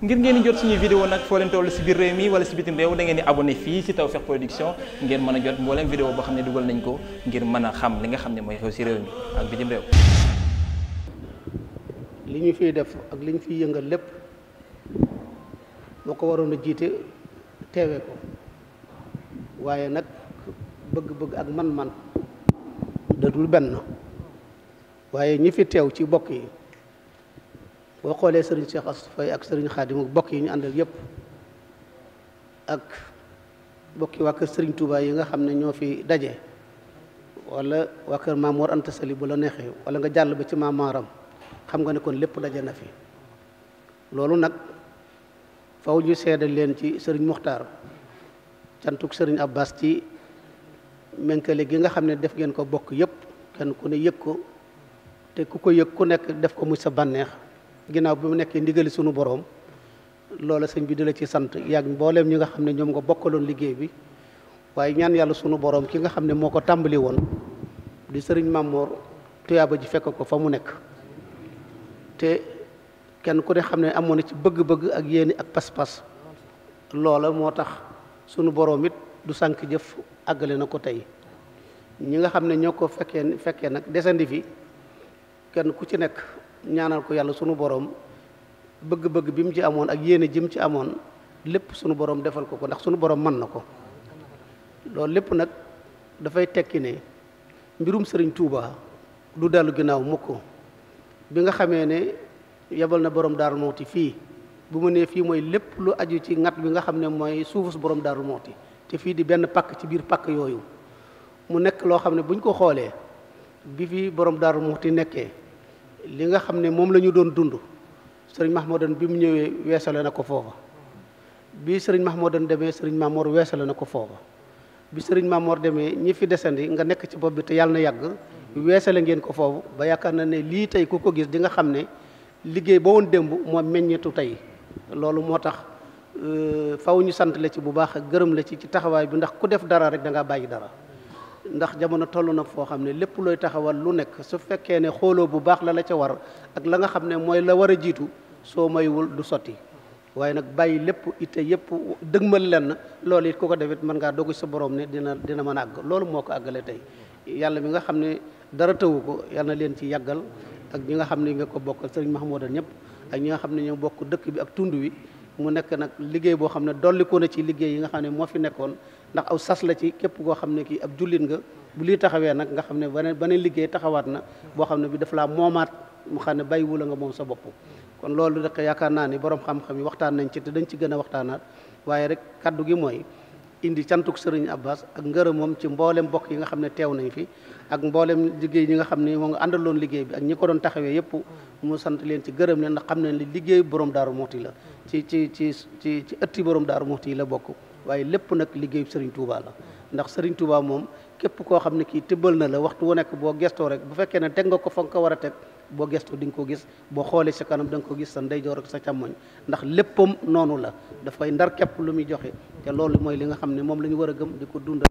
ngir ngeen jot suñu vidéo nag foo leen toll si biir réew mi wala si bitim réew da ngeen di abonné fii si Tawfekh Production ngeen mën a jot mbooleem vidéo boo xam ne dugal nañ ko ngir mën a xam li nga xam ne mooy xew si réew mi ak bitim réew li ñu fi def ak li ñu fiy yëngal lépp moo ko waroon a jiite teewe ko waaye nag bëgg-bëgg ak man-man dadul benn waaye ñi fi teew ci bokk yi boo xoolee sëriñ Cheikh Astou Faye ak sëriñ Xaadim bokk yi ñu àndal yépp ak bokki waa kër sëriñ Touba yi nga xam ne ñoo fi daje walla waa kër Maam Mor Sali bu la neexee wala nga jàll ba ci Maam xam nga ne kon lépp daje na fi loolu nag fow ñu seede leen ci sëriñ Muxtaar cantuk sëriñ Abbas ci menkale gi nga xam ne def ngeen ko bokk yépp kenn ku ne yëg ko te ku ko yëg ku nekk def ko muy sa bànneex ginnaaw bi mu nekkee ndigali sunu boroom loola sëñ bi di la ci sant yàgg mbooleem ñi nga xam ne ñoom nga bokkaloon liggéey bi waaye ñaan yàlla sunu boroom ki nga xam ne moo ko tàmbali woon di sëriñ Mamoor tuyaaba ji fekk ko fa mu nekk te kenn ku ne xam ne amoon na ci bëgg-bëgg ak yéene ak pas-pas loola moo tax sunu boroom it du sànk jëf àggale na ko tey ñi nga xam ne ñoo ko fekkee fekkee nag desandi fi kenn ku ci nekk ñaanal ko yàlla sunu borom bëgg-bëgg bi mu ci amoon ak yéene jëm ci amoon lépp sunu borom defal ko ko ndax sunu borom mën na ko loolu lépp nag dafay tekki ne mbirum sëriñ tuuba du dellu ginnaaw ko bi nga xamee ne yebal na borom Darou Mouhty fii bu mu nee fii mooy lépp lu aju ci ngat bi nga xam ne mooy suufus borom Darou Mouhty te fii di benn pakk ci biir pakk yooyu mu nekk loo xam ne bu ñu ko xoolee bi fi borom Darou Mouhty nekkee. li nga xam ne moom la ñu doon dund sëriñ Mahmoudan bi mu ñëwee weesalee na ko foofa bi sëriñ Mahmoudan demee sëriñ Mamor weesale na ko foofa bi sëriñ Mamor demee ñi fi desandi nga nekk ci bopp bi te yàlla na yàgg weesale ngeen ko foofu ba yaakaar na ne lii tey ku ko gis di nga xam ne liggéey ba woon démb moo meññetu tey loolu moo tax euh, faw ñu sant la ci bu baax ak gërëm la ci ci taxawaay bi ndax ku def dara rek da ngaa bàyyi dara ndax jamono toll na foo xam ne lépp looy taxawal lu nekk su fekkee ne xooloo bu baax la la ca war ak la nga xam ne mooy la war a jiitu soo maywul du sotti waaye nag bàyyi lépp ite yëpp dëgmal lenn loolu it ku ko defit mën ngaa dogu sa borom ne dina dina mën a àgg loolu moo ko àggale tey yàlla mi nga xam ne dara tawu ko yàlla na leen ci yàggal ak ñi nga xam ne nga ko bokkal sëriñ Mahmoudan ñëpp ak ñi nga xam ne ñoo bokk dëkk bi ak tund wi mu nekk nag liggéey boo xam ne dolliku na ci liggéey yi nga xam ne moo fi nekkoon ndax aw sas la ci képp koo xam ne kii ab jullit nga bu lii taxawee nag nga xam ne beneen liggéey taxawaat na boo xam ne bi daf laa moomaat mu xam ne bàyyiwu la nga moom sa bopp kon loolu rek yaakaar naa ni borom xam yi waxtaan nañ ci te dañ ci gën a waxtaanaat waaye rek kaddu gi mooy indi cantuk sëriñ Abbas ak ngërëmam ci mboolem bokk yi nga xam ne teew nañ fi ak mboolem liggéey ñi nga xam ne moo nga àndaloon liggéey bi ak ñi ko doon taxawee yëpp mu sant leen ci gërëm leen ndax xam ne liggéey borom daaru mooti la ci ci ci ci ci ëtti borom daaru muxti yi la bokk waaye lépp nag liggéeyu Serigne Touba la ndax sëriñ Touba moom képp koo xam ne kii tëbbal na la waxtu wu nekk boo gestoo rek bu fekkee ne teg nga ko fa nga ko war a teg boo gestoo di nga ko gis boo sa kanam da nga ko gis sa ndeyjoor ak sa càmmoñ ndax léppam noonu la dafay ndar képp lu muy joxe te loolu mooy li nga xam ne moom lañu war a gëm di ko dundal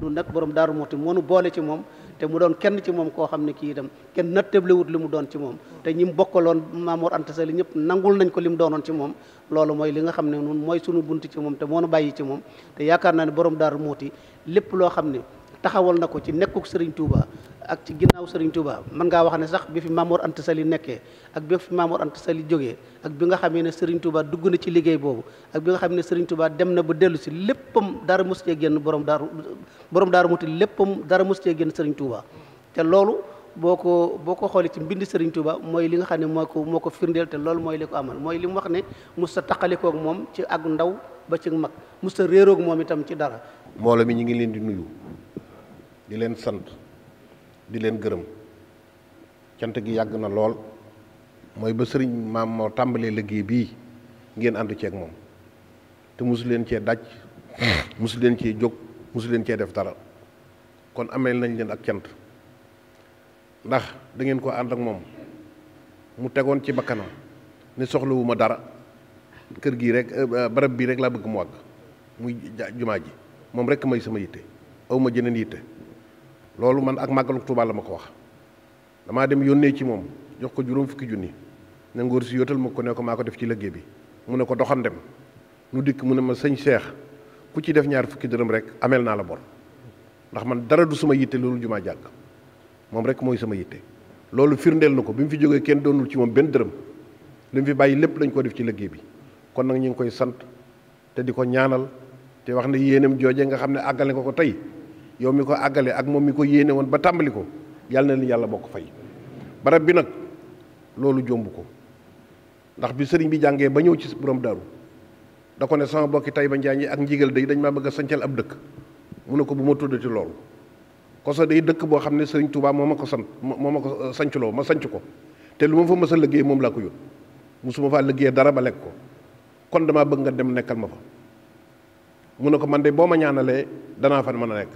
du nag borom daaru muxti moonu boole ci moom te mu doon kenn ci moom koo xam ne kii dem kenn nattablewut li mu doon ci moom te ñi mu bokkaloon Maamoor Anta Sali ñëpp nangul nañ ko li mu doonoon ci moom loolu mooy li nga xam ne nun mooy sunu bunt ci moom te moo nu bàyyi ci moom te yaakaar naa ne borom daaru muuti lépp loo xam ne taxawal na ko ci nekkuk Serigne tuubaa ak ci ginnaaw Serigne Touba mën ngaa wax ne sax bi fi Mamour Anta Sali nekkee ak bi fi Mamour Anta Sali jógee ak bi nga xamee ne Serigne Touba dugg na ci liggéey boobu ak bi nga xam ne Serigne Touba dem na ba dellu si léppam dara mos cee génn borom daaru borom daaru muti léppam dara mos génn Serigne te loolu boo ko boo ko xoolee ci mbind Serigne Touba mooy li nga xam ne moo ko moo ko firndeel te loolu mooy li ko amal mooy li mu wax ne mos sa taqalikoog moom ci ak ndaw ba ci mag mos sa réeroog moom itam ci dara. mbooloo mi ñu ngi leen di nuyu di leen sant. di leen gërëm cant gi yàgg na lool mooy ba sëriñ maam moo tàmbalee liggéey bii ngeen ànd ceeg moom te mosu leen cee daj mosu leen cee jóg mosu leen cee def dara kon ameel nañ leen ak cant ndax dangeen ngeen ko ànd ak moom mu tegoon ci bakkanam ne soxlawu ma dara kër gii rek euh, barab bii rek laa bëgg mu wàgg muy jumaa ji moom rekk may sama yitte aw ma jeneen yitte loolu man ak màggalu Tuubaa la ma ko wax damaa dem yónnee ci moom jox ko juróom fukki junni ne ngóor si yóotal ma ko ne ko maa ko def ci liggéey bi mu ne ko doxan dem nu dikk mu ne ma sëñ Cheikh ku ci def ñaar fukki dërëm rek ameel naa la bor ndax man dara du sama yitte loolu jumaa jàkk moom rek mooy sama yitte loolu firndeel na ko bi mu fi jógee kenn doonul ci moom benn dërëm li mu fi bàyyi lépp lañ ko def ci liggéey bi kon nag ñu ngi koy sant te di ko ñaanal te wax ne yéenam jooje nga xam ne àggale nga ko tey yow mi ko àggale ak moom mi ko yéene woon ba tàmbali ko yàlla na leen yàlla bokk fay barab bi nag loolu jomb ko ndax bi sëriñ bi jàngee ba ñëw ci borom daru da ko ne sama bokki tay ba njaañ ak njigal day dañ maa bëgg a sancal ab dëkk mu ne ko bu ma tuddati loolu koso day dëkk boo xam ne sëriñ Touba moo ma ko sant moo ma ko euh, sancloo ma sanc ko te lu ma fa mës a liggéey moom laa ko yót musuma faa liggéey dara ba lekk ko kon damaa bëgg nga dem nekkal ma fa mu ne ko man de boo ma ñaanalee danaa fan mën a nekk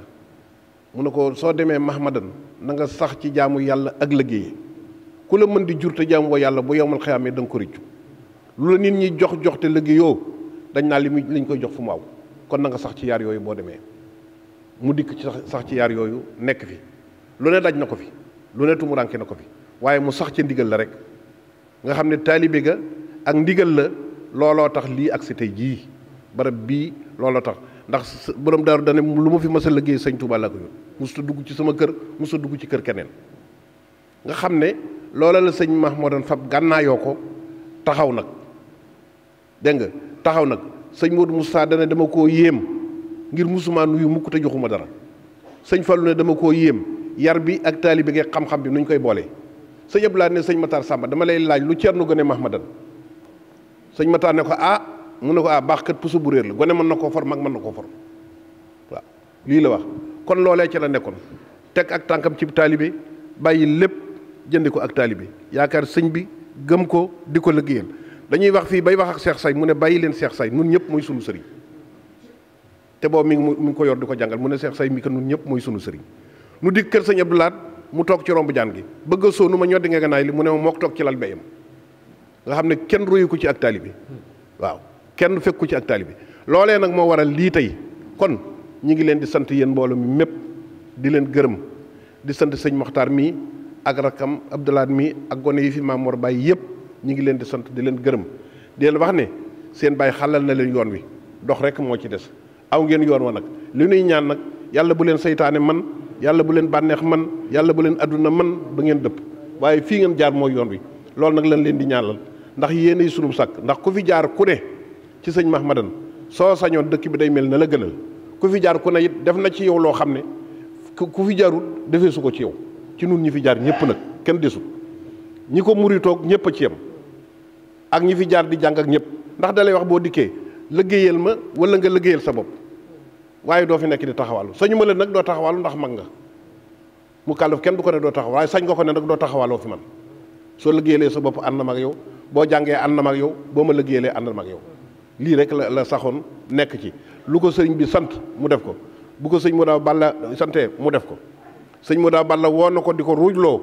mu ne ko soo demee mahmadan na nga sax ci jaamu yàlla ak liggéey ku la mën di jur te jaamu ko yàlla bu yowmal xiyaamee da nga ko rëccu lu la nit ñi jox jox te liggéeyoo dañ naa li mu lañ koy jox fu mu aw kon na nga sax ci yaar yooyu boo demee mu dikk ci sax ci yaar yooyu nekk fi lu ne daj na ko fi lu ne tumuraanke na ko fi waaye mu sax ca ndigal la rek nga xam ne taalibe ga ak ndigal la looloo tax lii ak si tey jii barab bii looloo tax ndax borom daaru dane lu ma fi mas a liggéey sëñ Touba laa ko yoon musta dugg ci sama kër musta dugg ci kër keneen nga xam ne loola la sëñ Mahmoudan fab gànnaayoo ko taxaw nag dégg nga taxaw nag sëñ Modou Moustapha dane dama koo yéem ngir musumaa nuyu mukk te joxuma dara sëñ Fallou ne dama koo yéem yar bi ak taalibe gi xam-xam bi nuñ koy boole sëñ laa ne sëñ Matar Samba dama lay laaj lu Ceerno Gane Mahmoudan sëñ Matar ne ko ah mu ne ko ah baax kat puso bu réer la gone mën na koo for mag mën na koo for waaw lii la wax kon loolee ca la nekkoon teg ak tànkam ci taalibe bàyyi lépp jëndi ko ak taalibe yaakaar sëñ bi gëm ko di ko liggéeyal dañuy wax fii bay wax ak seex Say mu ne bàyyi leen Cheikh Say nun ñëpp mooy sunu sëriñ te boobu mi mu mu ngi ko yor di ko jàngal mu ne seex Say mi ko nun ñëpp mooy sunu sëriñ nu dikk kër sëñ Abdou Lahat mu toog ci romb jaan gi bëgg a nu ma ñoddi nga ganaay li mu ne ma mook toog ci lal beyam nga xam ne kenn royu ci ak taalibe waaw kenn fekku ci ak taalibe loolee nag moo waral lii tey kon ñi ngi leen di sant yéen mbooloo mi mépp di leen gërëm di sant sëñ Moxtaar mii ak rakam Abdoulaat mii ak gone yi fi Maamoor Baay yëpp ñi ngi leen di sant di leen gërëm di leen wax ne seen baay xalal na leen yoon wi dox rek moo ci des aw ngeen yoon wa nag li nuy ñaan nag yàlla bu leen seytaane man yàlla bu leen bànneex man yàlla bu leen àdduna man ba ngeen dëpp waaye fii ngeen jaar mooy yoon wi loolu nag lañ leen di ñaanal ndax yéenay sunub sàkk ndax ku fi jaar ku ci sëñ Mahmadan soo sañoon dëkk bi day mel na la gënal ku fi jaar ku ne it def na ci yow loo xam ne ku fi jaarul defee su ko ci yow ci nun ñi fi jaar ñëpp nag kenn di desul ñi ko muritoog ñëpp a ci yem ak ñi fi jaar di jàng ak ñëpp ndax dalay wax boo dikkee liggéeyal ma wala nga liggéeyal sa bopp waaye doo fi nekk di taxawaalu sañu ma leen nag doo taxawaalu ndax mag nga mu kàllaf kenn du ko ne doo taxaw waaye sañ nga ko ne nag doo taxawaaloo fi man soo liggéeyalee sa bopp ànd na mag yow boo jàngee ànd na mag yow boo ma liggéeyalee ànd mag yow lii rek la la saxoon nekk ci lu ko sëriñ bi sant mu def ko bu ko sëñ Moda Balla santee mu def ko sëñ Moda Balla woo na ko di ko loo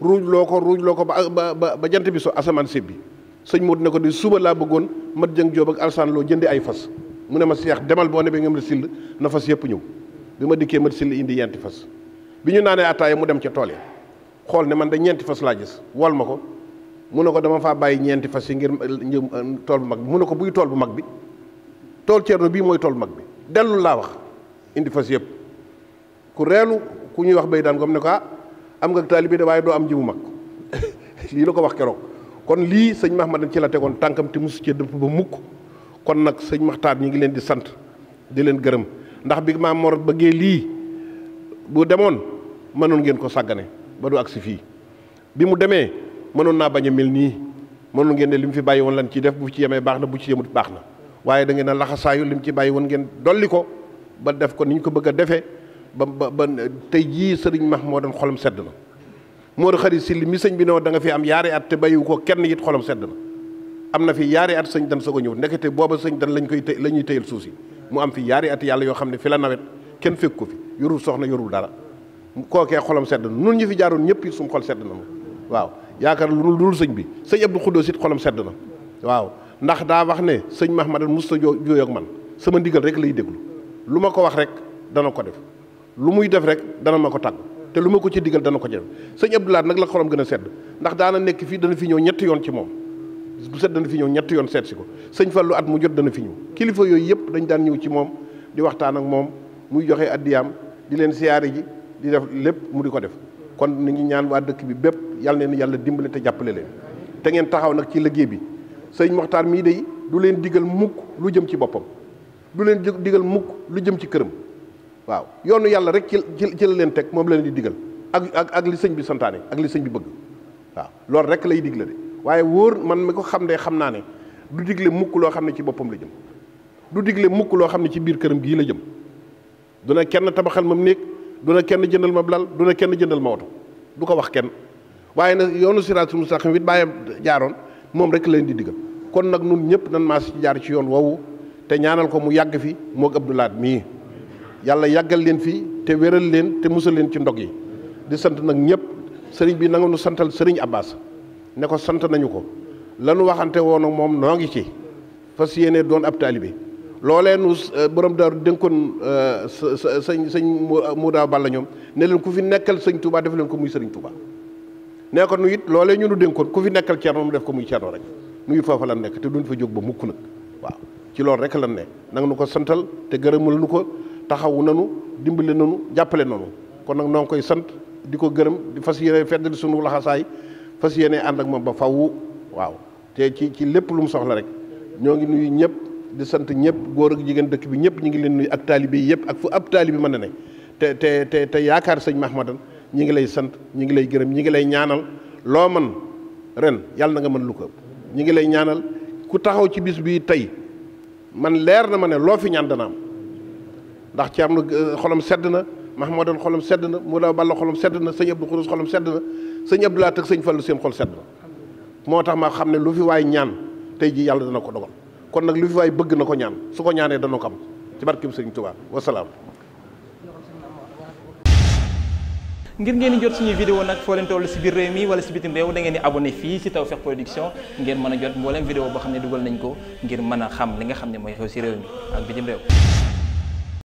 ruuj loo ko ruuj loo ko ba ba ba jant bi so asamaan sib bi sëñ Modu ne ko di suba laa bëggoon mat jëng jóo ak alsaan loo jëndi ay fas mu ne ma seex demal boo ne be ngam la sill na fas yëpp ñëw bi ma dikkee mat sill indi ñeenti fas bi ñu naanee attaaya mu dem ca tool ya xool ne man da ñeenti fas laa gis wol ma ko mun ne ko dama faa bàyyi ñeenti fas yi ngir euh, tool bu mag bi mu ne ko buy tool bu mag bi tool ceerno bii mooy tool bu mag bi dellu laa wax indi fas yëpp ku reelu ku ñuy wax bay daan comme ne ko ah am nga taalibe de waaye doo am ji mag lii la ko wax keroog kon lii sëñ max Mahmadan ci la tegoon tànkam ti te mosu cee dëpp ba mukk kon nag sëñ Maxtaar ñi ngi leen di sant di leen gërëm ndax bi maam Mor bëggee lii bu demoon mënoon ngeen ko sàggane ba du agsi fii bi mu demee mënoon naa bañ a mel nii mënoon ngeen ne li mu fi bàyyi woon lan ciy def bu ci yemee baax na bu ci yemut baax na waaye da ngeen a laxasaayu li mu ci bàyyi woon ngeen dolli ko ba def ko ni ñu ko bëgg a defee ba ba ba tey jii sëriñ max moo doon xolam sedd na moo di xarit si li mi sëñ bi ne da fi am yaari at te bàyyiwu ko kenn it xolam sedd na am na fi yaari at sëñ dan soog ko ñëw ndekete booba sëñ dan lañ koy tey la ñuy tëyal suuf si mu am fi yaari at yàlla yoo xam ne fi la nawet kenn fekk ko fi yorul soxna yorul dara kookee xolam sedd na ñu fi jaaroon ñëpp it sedd na waaw yaakaar lu dul sëñ bi sëñ Abdou Khoudous sit xolam sedd na waaw ndax daa wax ne sëñ Mahmadan musta jooy ak man sama ndigal rek lay déglu lu ma ko wax rek dana ko def lu muy def rek dana ma ko tàgg te lu ma ko ci digal dana ko ci def sëñ Abdou Lahad nag la xolom gën a sedd ndax daana nekk fii dana fi ñëw ñetti yoon ci moom bu set dana fi ñëw ñetti yoon seet si ko sëñ Fallou at mu jot dana fi ñëw kilifa yooyu yëpp dañ daan ñëw ci moom di waxtaan ak moom muy joxe addiyaam di leen siyaare ji di def lépp mu di ko def kon ni ñaan waa dëkk bi bépp yal na yàlla dimbale te jàppale leen te ngeen taxaw nag ci liggéey bi sëñ Moxtaar mii day du leen digal mukk lu jëm ci boppam du leen digal mukk lu jëm ci këram waaw yoonu yàlla rek ci ci la leen teg moom la leen di digal ak ak ak li sëñ bi santaane ak li sëñ bi bëgg waaw loolu rek lay digle de waaye wóor man mi ko xam ne xam naa ne du digle mukk loo xam ne ci boppam la jëm du digle mukk loo xam ne ci biir këram gii la jëm duna kenn tabaxal mam néeg du na kenn jëndal ma lal du na kenn jëndal ma oto du ko wax kenn waaye nag yoonu siraatul mustaqiim it bàyyam jaaroon moom rek leen di digal kon nag nun ñëpp nan maas ci jaar ci yoon woowu te ñaanal ko mu yàgg fi moog Abdou Lahad mii yàlla yàggal leen fii te wéral leen te musal leen ci ndog yi di sant nag ñëpp sëriñ bi nanga nu santal sëriñ Abbas ne ko sant nañu ko lanu waxante woon ak moom noo ngi ci fas yéene doon ab taalibe loolee nu eh, borom daaru dénkoon eh, sa sëñ sañ mu eh, daa balla ñoom ne leen ku fi nekkal sëñ Touba def leen ko muy sëriñ Touba nee ko nu it loolee ñunu dénkoon ku fi nekkal Ceerno mu def ko muy Ceerno rek nu it foofa lan nekk te duñ fa jóg ba mukk nag waaw ci loolu rek lan ne nag nu ko santal te gërëmal nu ko taxawu nanu dimbale nanu jàppale nanu kon nag noo ngi koy sant di ko gërëm di fas yéene feddali sunu laxasaay fas yéene ànd ak moom ba fawwu waaw te ci ci lépp lu mu soxla rek ñoo ngi nuyu ñëpp di sant ñëpp góor ak jigéen dëkk bi ñëpp ñu ngi leen nuyu ak taalibe yi yëpp ak fu ab taalibe mën na te te te te yaakaar sëñ Mahmadan ñi ngi lay sant ñi ngi lay gërëm ñi ngi lay ñaanal loo man ren yàlla na nga mën lu ko ñi ngi lay ñaanal ku taxaw ci bis bii tey man leer na ma ne loo fi ñaan dana am ndax ci am na xolam sedd na Mahmadan xolam sedd na Mawla Balla xolam sedd na sëñ Abdou Khourous xolam sedd na sëñ Abdoulaye ak sëñ Fallou seen xol sedd na moo tax ma xam ne lu fi waay ñaan tey jii yàlla dana ko dogal kon nag lu fi waay bëgg na ko ñaan su ko ñaanee dana ko am ci barkeem Sëriñ Tuubaa wasalaam. ngir ngeen di jot suñuy vidéo nag foo leen toll si biir réew mi wala si bitim réew da ngeen di abonné fii si Tawfekh Production ngeen mën a jot mbooleem vidéo boo xam ne dugal nañ ko ngir mën a xam li nga xam ne mooy xew si réew mi ak bitim réew